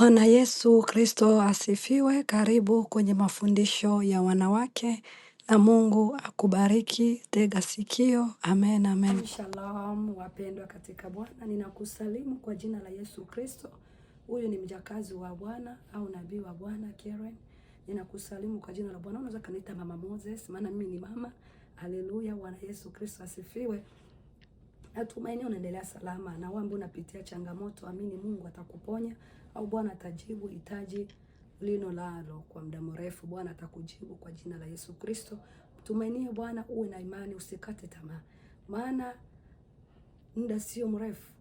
Bwana Yesu Kristo asifiwe. Karibu kwenye mafundisho ya wanawake na Mungu akubariki. Tega sikio. Amen, amen. Shalom wapendwa katika Bwana, ninakusalimu kwa jina la Yesu Kristo. Huyu ni mjakazi wa Bwana au nabii wa Bwana Karen. Ninakusalimu kwa jina la Bwana. Unaweza kaniita Mama Moses, maana mimi ni mama. Haleluya, Bwana Yesu Kristo asifiwe. Natumaini unaendelea salama na wewe ambaye unapitia changamoto, amini Mungu atakuponya au Bwana atajibu hitaji lino lalo kwa muda mrefu. Bwana atakujibu kwa jina la Yesu Kristo. Mtumainie Bwana, uwe na imani, usikate tamaa, maana muda sio mrefu.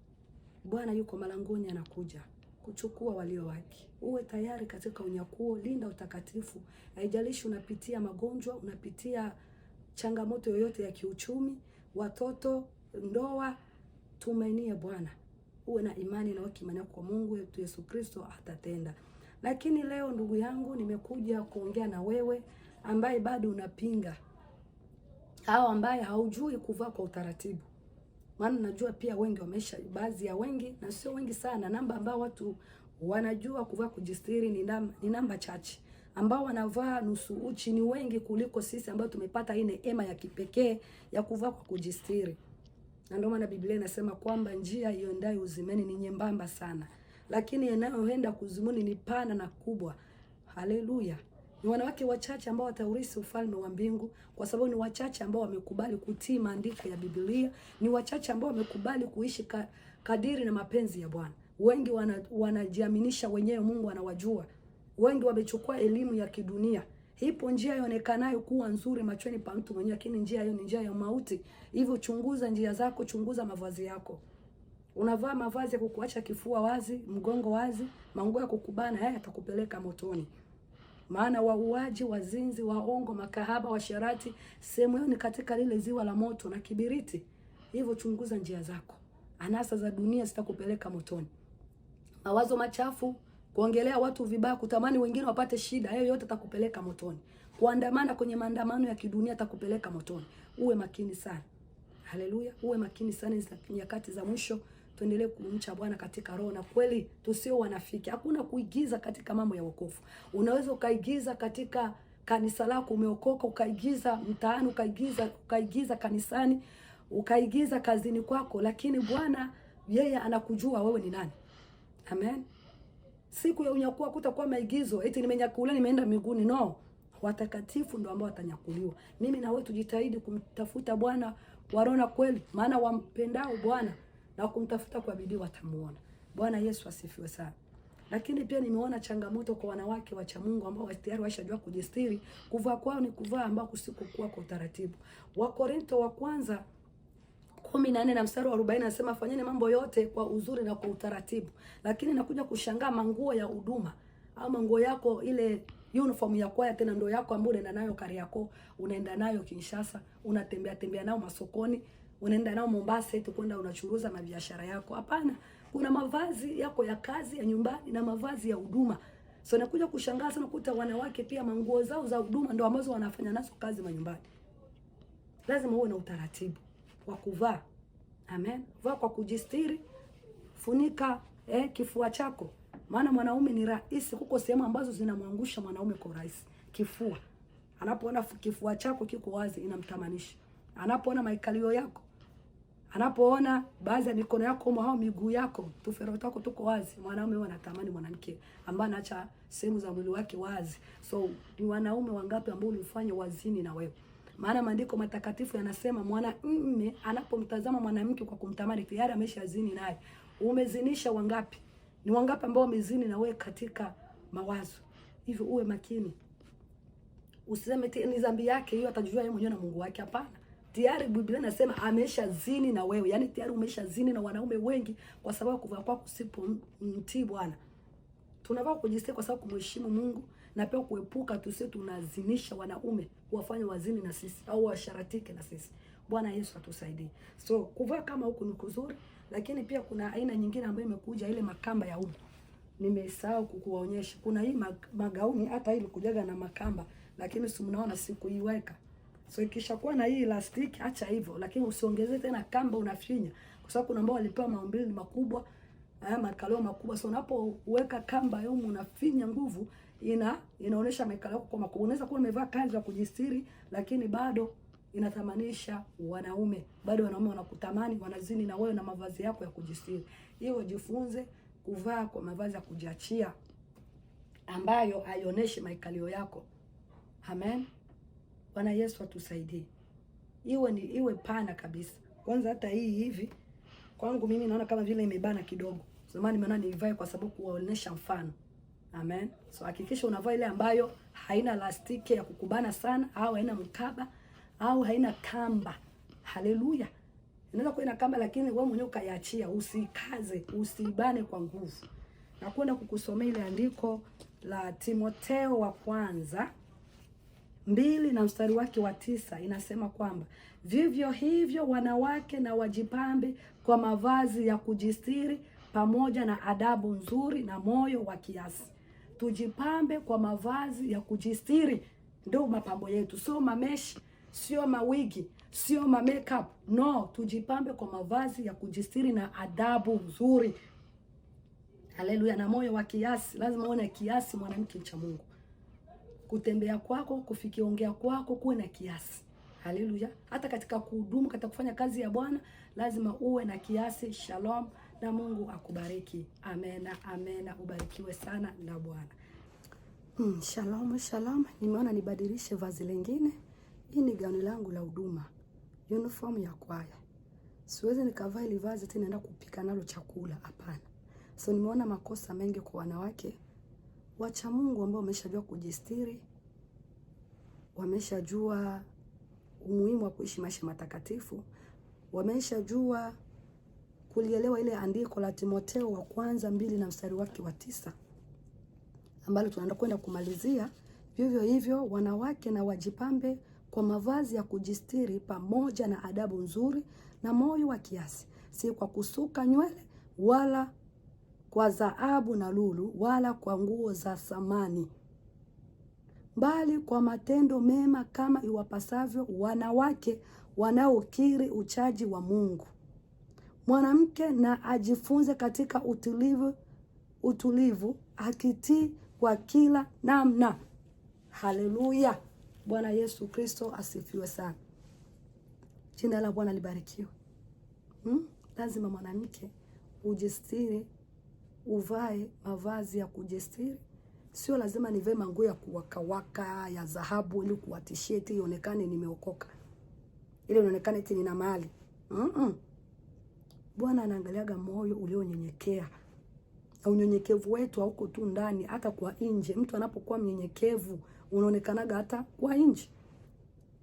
Bwana yuko malangoni, anakuja kuchukua walio wake. Uwe tayari katika unyakuo, linda utakatifu. Haijalishi unapitia magonjwa, unapitia changamoto yoyote ya kiuchumi, watoto, ndoa, tumainie Bwana uwe na imani na imani yako kwa Mungu wetu Yesu Kristo atatenda. Lakini leo ndugu yangu, nimekuja kuongea na wewe ambaye bado unapinga au ambaye haujui kuvaa kwa utaratibu, maana najua pia wengi wamesha, baadhi ya wengi na sio wengi sana, namba ambao watu wanajua kuvaa kujistiri ni namba, ni namba chache ambao wanavaa nusu uchi ni wengi kuliko sisi ambao tumepata hii neema ya kipekee ya kuvaa kwa kujistiri na ndio maana Biblia inasema kwamba njia iondayo uzimeni ni nyembamba sana, lakini inayoenda kuzimuni ni pana na kubwa. Haleluya! Ni wanawake wachache ambao wataurisi ufalme wa mbingu, kwa sababu ni wachache ambao wamekubali kutii maandiko ya Biblia, ni wachache ambao wamekubali kuishi ka, kadiri na mapenzi ya Bwana. Wengi wanajiaminisha wenyewe, Mungu anawajua. Wengi wamechukua elimu ya kidunia Ipo njia ionekanayo kuwa nzuri machoni pa mtu mwenyewe, lakini njia hiyo ni njia ya mauti. Hivyo chunguza njia zako, chunguza mavazi yako. Unavaa mavazi ya kukuacha kifua wazi, mgongo wazi, manguo ya kukubana, haya yatakupeleka motoni. Maana wauaji, wazinzi, waongo, makahaba, washarati, sehemu hiyo ni katika lile ziwa la moto na kibiriti. Hivyo chunguza njia zako. Anasa za dunia zitakupeleka motoni. Mawazo machafu kuongelea watu vibaya, kutamani wengine wapate shida, hayo yote atakupeleka motoni. Kuandamana kwenye maandamano ya kidunia atakupeleka motoni. Uwe makini sana. Haleluya, uwe makini sana nyakati za mwisho. Tuendelee kumcha Bwana katika roho na kweli, tusio wanafiki. Hakuna kuigiza katika mambo ya wokovu. Unaweza ukaigiza katika kanisa lako, umeokoka, ukaigiza mtaani, ukaigiza ukaigiza kanisani, ukaigiza kazini kwako, lakini Bwana yeye anakujua wewe ni nani. Amen. Siku ya unyakuo kutakuwa maigizo, eti nimenyakuliwa nimeenda miguuni. No, watakatifu ndo ambao watanyakuliwa. Mimi na wewe tujitahidi kumtafuta Bwana warona kweli, maana wampendao Bwana na kumtafuta kwa bidii watamuona. Bwana Yesu asifiwe sana. Lakini pia nimeona changamoto kwa wanawake wacha Mungu ambao tayari washajua kujistiri. Kuvaa kwao ni kuvaa ambao kusikukuwa kwa utaratibu. Wakorinto wa kwanza kumi na nne na mstari wa arobaini anasema fanyeni mambo yote kwa uzuri na kwa utaratibu. Lakini nakuja kushangaa manguo ya huduma au manguo yako ile uniform ya kwaya tena ndio yako ambayo unaenda nayo Kariakoo, unaenda nayo Kinshasa, unatembea tembea nayo masokoni, unaenda nayo Mombasa eti kwenda unachuruza na biashara yako. Hapana, kuna mavazi yako ya kazi ya nyumbani na mavazi ya huduma. So nakuja kushangaa sana kuta wanawake pia manguo zao za huduma ndio ambazo wanafanya nazo kazi manyumbani. Lazima uwe na utaratibu kwa kuvaa. Amen. Vaa kwa kujistiri, funika eh, kifua chako, maana mwanaume ni rahisi. Kuko sehemu ambazo zinamwangusha mwanaume kwa rahisi, kifua. Anapoona kifua chako kiko wazi, inamtamanisha. Anapoona maikalio yako, anapoona baadhi ya mikono yako au miguu yako, tufero yako tuko wazi, mwanaume huwa anatamani mwanamke ambaye anaacha sehemu za mwili wake wazi. So ni wanaume wangapi ambao ulifanya wazini na wewe? maana maandiko matakatifu yanasema mwanamume anapomtazama mwanamke kwa kumtamani tayari ameshazini naye. Umezinisha wangapi? Ni wangapi ambao wamezini na wewe katika mawazo? Hivyo uwe makini, usiseme ni dhambi yake hiyo, atajua yeye mwenyewe na Mungu wake. Hapana, tayari Biblia nasema ameshazini na wewe, yaani tayari umeshazini na wanaume wengi, kwa sababu kuvaa kwako mtii Bwana. Tunavaa kujisikia kwa sababu kumheshimu Mungu na pia kuepuka tusiwe tunazinisha wanaume wafanye wazini na sisi au washaratike na sisi. Bwana Yesu atusaidie. So kuvaa kama huku ni kuzuri, lakini pia kuna aina nyingine ambayo imekuja ile makamba ya umu. Nimesahau kukuwaonyesha. Kuna hii magauni hata hii kujaga na makamba, lakini si mnaona sikuiweka. So ikisha kuwa na hii elastic, acha hivyo, lakini usiongeze tena kamba unafinya, kwa sababu kuna ambao walipewa maumbile makubwa, haya eh, makalio makubwa. So unapoweka kamba ya unafinya nguvu ina inaonesha amekala yako kwa makubwa. Unaweza kuwa umevaa kanzu ya kujistiri, lakini bado inathamanisha wanaume, bado wanaume wanakutamani, wanazini na wewe na mavazi yako ya kujistiri. Hiyo wajifunze kuvaa kwa mavazi ya kujiachia ambayo haionyeshi maikalio yako. Amen. Bwana Yesu atusaidie. Iwe ni iwe pana kabisa. Kwanza hata hii hivi kwangu mimi naona kama vile imebana kidogo. Zamani maana niivae kwa sababu kuwaonesha mfano. Amen. So hakikisha unavaa ile ambayo haina lastiki ya kukubana sana au haina mkaba au haina kamba. Haleluya. Inaweza kuwa ina kamba lakini wewe mwenyewe ukaiachia, usikaze, usibane kwa nguvu. Na kwenda kukusomea ile andiko la Timoteo wa kwanza mbili na mstari wake wa tisa inasema kwamba vivyo hivyo wanawake na wajipambe kwa mavazi ya kujistiri pamoja na adabu nzuri na moyo wa kiasi tujipambe kwa mavazi ya kujistiri, ndio mapambo yetu, sio mameshi, sio mawigi, sio ma makeup. No, tujipambe kwa mavazi ya kujistiri na adabu nzuri. Haleluya, na moyo wa kiasi. Lazima uwe na kiasi, mwanamke mcha Mungu. Kutembea kwako, kufikia ongea kwako, kuwe na kiasi. Haleluya, hata katika kuhudumu, katika kufanya kazi ya Bwana lazima uwe na kiasi. Shalom na Mungu akubariki. Amena, amena, ubarikiwe sana na Bwana. Hmm, shalom, shalom. Nimeona nibadilishe vazi lingine. Hii ni gauni langu la huduma, uniform ya kwaya. Siwezi nikavaa ile vazi tena naenda kupika nalo chakula, hapana. So nimeona makosa mengi kwa wanawake wacha Mungu ambao wameshajua kujistiri, wameshajua umuhimu wa kuishi maisha matakatifu, wameshajua kulielewa ile andiko la Timotheo wa kwanza mbili na mstari wake wa tisa ambalo kwenda kumalizia. Vivyo hivyo wanawake na wajipambe kwa mavazi ya kujistiri pamoja na adabu nzuri na moyo wa kiasi, si kwa kusuka nywele wala kwa zaabu na lulu wala kwa nguo za samani, bali kwa matendo mema, kama iwapasavyo wanawake wanaokiri uchaji wa Mungu. Mwanamke na ajifunze katika utulivu, utulivu akitii kwa kila namna. Haleluya! Bwana Yesu Kristo asifiwe sana. Jina la Bwana libarikiwe. Hmm? Lazima mwanamke ujistiri, uvae mavazi ya kujistiri. Sio lazima nivae manguo ya kuwakawaka ya dhahabu ili kuwatishia eti ionekane nimeokoka, ili ionekane eti nina mali mm -mm. Bwana anaangaliaga moyo ulionyenyekea na unyenyekevu wetu hauko tu ndani, hata kwa nje. Mtu anapokuwa mnyenyekevu unaonekanaga hata kwa nje.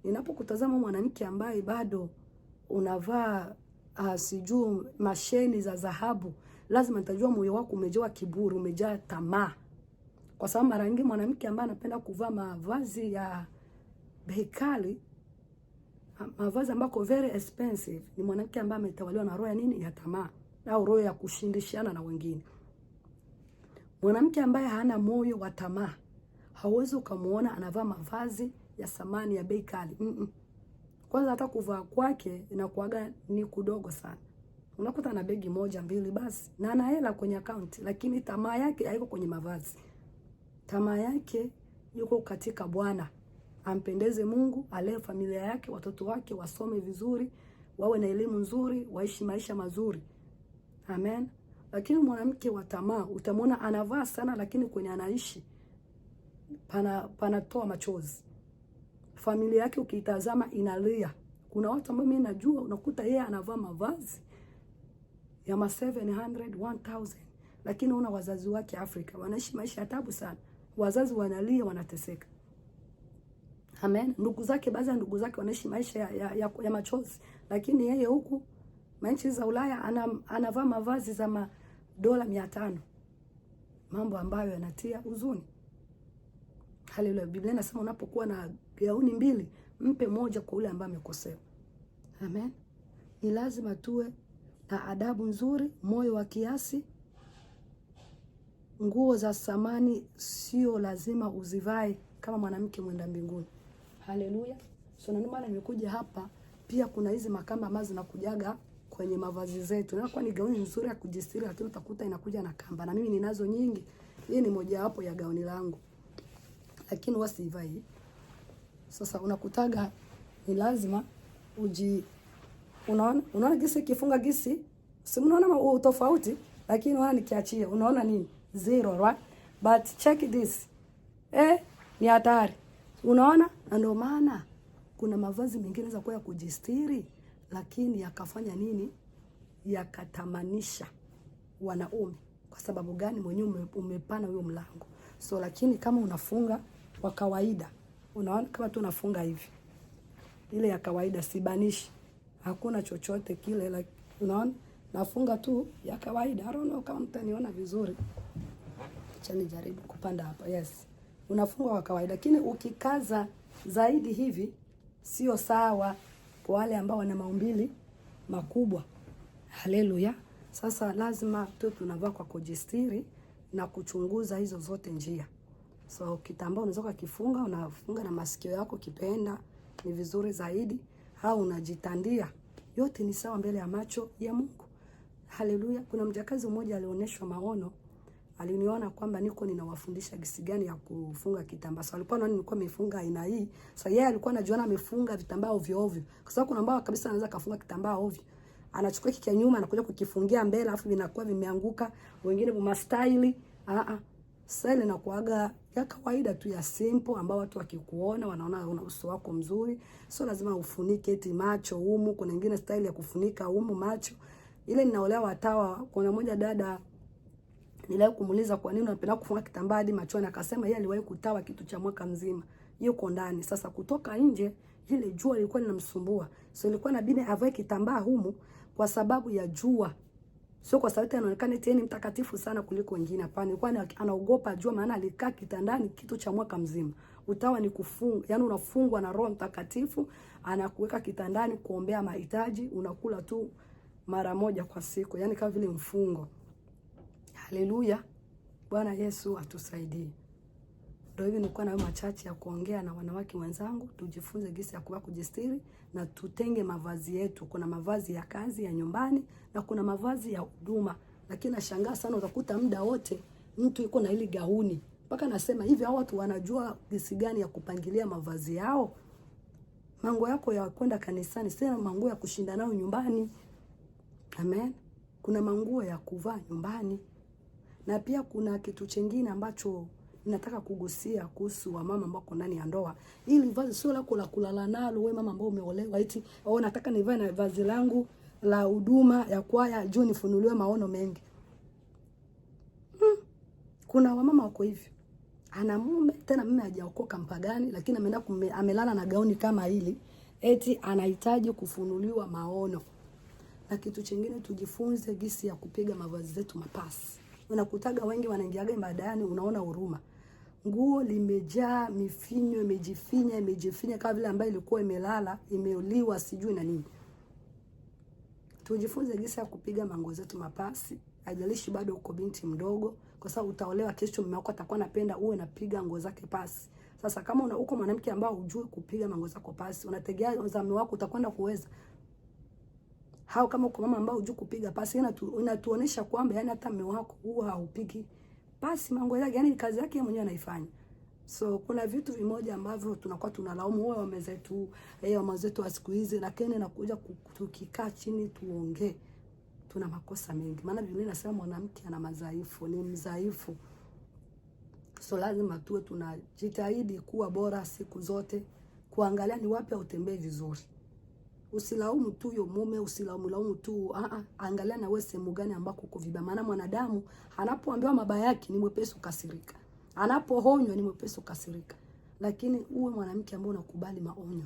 Ninapokutazama mwanamke ambaye bado unavaa uh, ah, sijuu masheni za dhahabu, lazima nitajua moyo wako umejaa kiburi, umejaa tamaa, kwa sababu mara nyingi mwanamke ambaye anapenda kuvaa mavazi ya bei kali mavazi ambako very expensive ni mwanamke ambaye ametawaliwa na roho ya nini? Ya tamaa au roho ya kushindishana na wengine. Mwanamke ambaye hana moyo wa tamaa hauwezi ukamuona anavaa mavazi ya samani ya bei kali mm -mm. Kwanza hata kuvaa kwake inakuaga ni kudogo sana, unakuta na begi moja mbili basi, na ana hela kwenye account, lakini tamaa yake haiko kwenye mavazi. Tamaa yake yuko katika Bwana ampendeze Mungu, alee familia yake, watoto wake wasome vizuri, wawe na elimu nzuri, waishi maisha mazuri. Amen. Lakini mwanamke wa tamaa utamwona anavaa sana, lakini kwenye anaishi pana panatoa machozi. Familia yake ukiitazama inalia. Kuna watu ambao mimi najua, unakuta yeye anavaa mavazi ya ma 700 1000 lakini una wazazi wake Afrika wanaishi maisha ya taabu sana, wazazi wanalia, wanateseka. Amen. Ndugu zake, baadhi ya ndugu zake wanaishi maisha ya, ya, ya, ya machozi, lakini yeye huku manchi za Ulaya anavaa mavazi za madola mia tano, mambo ambayo yanatia huzuni. Haleluya! Biblia inasema unapokuwa na gauni mbili, mpe moja kwa yule ambaye amekosea. Amen. Ni lazima tuwe na adabu nzuri, moyo wa kiasi. Nguo za samani sio lazima uzivae kama mwanamke mwenda mbinguni. Haleluya. So na maana nimekuja hapa pia kuna hizi makamba ambazo zinakujaga kwenye mavazi zetu. Na kwa ni gauni nzuri ya kujistiri lakini utakuta inakuja na kamba. Na mimi ninazo nyingi. Hii ni moja wapo ya gauni langu. Lakini wasi ivai. Sasa unakutaga ni lazima uji unaona unaona gisi kifunga gisi si unaona tofauti lakini unaona nikiachia unaona nini zero right but check this eh ni hatari unaona na ndio maana kuna mavazi mengine za kuwa ya kujistiri, lakini yakafanya nini, yakatamanisha wanaume. Kwa sababu gani? Mwenyewe umepana huyo mlango. So lakini kama unafunga kwa kawaida, unaona kama tu unafunga hivi, ile ya kawaida, sibanishi, hakuna chochote kile like, unaona nafunga tu ya kawaida. I don't know kama mtaniona vizuri, acha nijaribu kupanda hapa. Yes, unafunga kwa kawaida, lakini ukikaza zaidi hivi sio sawa kwa wale ambao wana maumbili makubwa. Haleluya! Sasa lazima tu tunavaa kwa kujistiri na kuchunguza hizo zote njia. So kitambaa unaweza ukakifunga, unafunga na masikio yako kipenda ni vizuri zaidi, au unajitandia. Yote ni sawa mbele ya macho ya Mungu. Haleluya! Kuna mjakazi mmoja alionyeshwa maono aliniona kwamba niko ninawafundisha gisi gani ya kufunga kitambaa. So alikuwa anaona nilikuwa nimefunga aina hii. So yeye alikuwa anajiona amefunga vitambaa ovyo ovyo. Kwa sababu kuna ambao kabisa anaweza kafunga kitambaa ovyo. Anachukua kikia nyuma anakuja kukifungia mbele alafu vinakuwa vimeanguka. Wengine kwa mastaili. Ah ah. Style inakuaga ya kawaida tu ya simple ambao watu wakikuona wanaona una uso wako mzuri. So lazima ufunike eti macho, umu, kuna nyingine style ya kufunika umu, macho. Ile ninaolewa watawa, kuna moja dada Niliwahi kumuuliza kwa nini unapenda kufunga kitambaa hadi machoni, akasema yeye aliwahi kutawa kitu cha mwaka mzima, yuko ndani. Sasa kutoka nje, ile jua lilikuwa linamsumbua, so ilikuwa inabidi avae kitambaa humu kwa sababu ya jua, sio kwa sababu anaonekana tena mtakatifu sana kuliko wengine. Hapana, ilikuwa anaogopa jua, maana alikaa kitandani kitu cha mwaka mzima. Utawa ni kufunga, yani unafungwa na Roho Mtakatifu, anakuweka kitandani kuombea mahitaji, unakula tu mara moja kwa siku, yani kama vile mfungo. Haleluya, Bwana Yesu atusaidie. Ndio hivi nilikuwa na machache ya kuongea na wanawake wenzangu, tujifunze jinsi ya kuwa kujistiri na tutenge mavazi yetu. Kuna mavazi ya kazi ya nyumbani na kuna mavazi ya huduma, lakini nashangaa sana, utakuta muda wote mtu yuko na ile gauni mpaka nasema hivi, hao watu wanajua jinsi gani ya kupangilia mavazi yao? Mango yako ya kwenda kanisani sio mango ya kushinda nayo nyumbani. Amen. Kuna manguo ya kuvaa nyumbani. Na pia kuna kitu chengine ambacho nataka kugusia kuhusu wamama ambao ndani ya ndoa. Ili vazi sio lako la kulala nalo, wewe mama ambao umeolewa, eti au oh, nataka nivae na vazi langu la huduma ya kwaya juu nifunuliwe maono mengi. Hmm. Kuna wamama wako hivyo, ana mume tena, mume hajaokoka mpagani, lakini ameenda amelala na gauni kama hili, eti anahitaji kufunuliwa maono. Na kitu chingine tujifunze gisi ya kupiga mavazi zetu mapasi unakutaga wengi wanaingiaga ibadani, unaona huruma, nguo limejaa mifinyo, imejifinya imejifinya, kama vile ambayo ilikuwa imelala imeuliwa, sijui na nini. Tujifunze jinsi ya kupiga mango zetu mapasi. Haijalishi bado uko binti mdogo, kwa sababu utaolewa kesho, mume wako atakuwa anapenda uwe napiga nguo zake pasi. Sasa kama una uko mwanamke ambao hujui kupiga mango zako pasi, unategemea mume wako utakwenda kuweza hao kama uko mama ambao hujui kupiga pasi, inatu, inatuonesha kwamba yani hata mume wako huwa haupigi pasi mango yake, yani kazi yake mwenyewe anaifanya. So kuna vitu vimoja ambavyo tunakuwa tunalaumu wao wame zetu eh, wama zetu wa siku hizi, lakini nakuja tukikaa chini tuongee, tuna makosa mengi, maana Biblia inasema mwanamke ana madhaifu, ni mdhaifu. So lazima tuwe tunajitahidi kuwa bora siku zote, kuangalia ni wapi hautembei vizuri. Usilaumu tu yo mume, usilaumu laumu tu a, ah, ah, angalia na wewe sehemu gani ambako uko vibaya, maana mwanadamu anapoambiwa mabaya yake ni mwepesi ukasirika, anapoonywa ni mwepesi ukasirika. Lakini uwe mwanamke ambaye unakubali maonyo,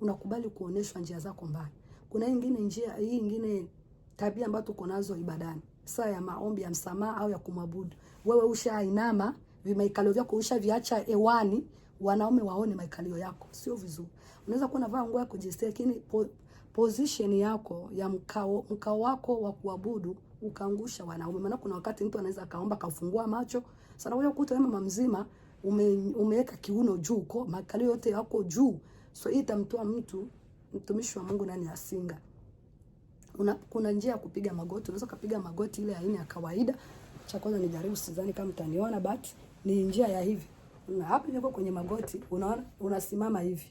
unakubali kuoneshwa njia zako mbaya. Kuna nyingine njia hii nyingine tabia ambayo tuko nazo ibadani, saa ya maombi ya msamaha au ya kumwabudu, wewe ushainama, vimaikalo vyako ushaviacha hewani wanaume waone maikalio yako, sio vizuri. Unaweza kuwa unavaa nguo ya kujistia, lakini po, position yako ya mkao, mkao wako wa kuabudu ukaangusha wanaume. Maana kuna wakati mtu anaweza akaomba kafungua macho sana, wewe ukuta wewe mama mzima ume, umeweka kiuno juu uko makalio yote yako juu, so hii itamtoa mtu mtumishi wa Mungu nani asinga. Una, kuna njia ya kupiga magoti, unaweza kupiga magoti ile aina ya kawaida. Cha kwanza ni jaribu, sidhani kama mtaniona, but ni njia ya hivi hapo niko kwenye magoti, unaona unasimama hivi.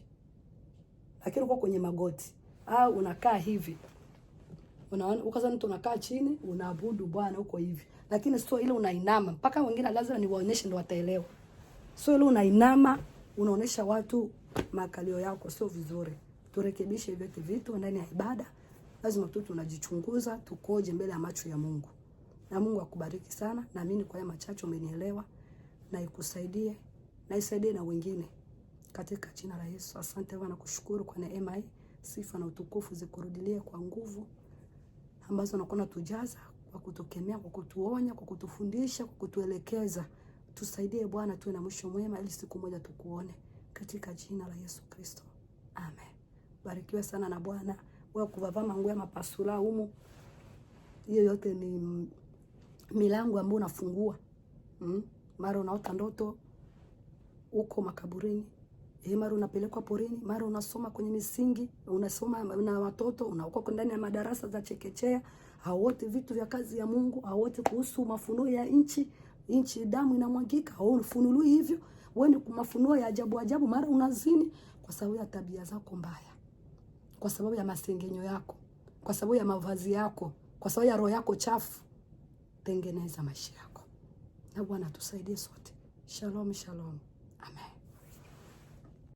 Lakini uko kwenye magoti au unakaa hivi. Unaona ukaza mtu unakaa chini, unaabudu Bwana uko hivi. Lakini sio ile unainama, mpaka wengine lazima niwaonyeshe ndio wataelewa. Sio ile unainama, unaonesha watu makalio yako sio vizuri. Turekebishe vyote vitu ndani ya ibada. Lazima tu tunajichunguza, tukoje mbele ya macho ya Mungu. Na Mungu akubariki sana. Naamini kwa haya machache umenielewa na ikusaidie na isaidie na wengine katika jina la Yesu. Asante Bwana, nakushukuru kwa neema hii. Sifa na utukufu zikurudilie kwa nguvu ambazo nakuona tujaza kwa kutukemea, kwa kutuonya, kwa kutufundisha, kwa kutuelekeza. Tusaidie Bwana, tuwe na mwisho mwema ili siku moja tukuone katika jina la Yesu Kristo. Amen. Barikiwa sana na Bwana. Wewe kuvaa manguo ya mapasula humu. Hiyo yote ni milango ambayo unafungua. Mm? Mara unaota ndoto, uko makaburini e, mara unapelekwa porini, mara unasoma kwenye misingi, unasoma na watoto, unakuwa ndani ya madarasa za chekechea, hawote vitu vya kazi ya Mungu, hawote kuhusu mafunuo ya nchi nchi, damu inamwagika, au ufunului hivyo wewe mafunuo ya ajabu ajabu, mara unazini kwa sababu ya tabia zako mbaya, kwa sababu ya masengenyo yako, kwa sababu ya mavazi yako, kwa sababu ya roho yako chafu. Tengeneza maisha yako, na Bwana tusaidie sote. Shalom, shalom. Amém.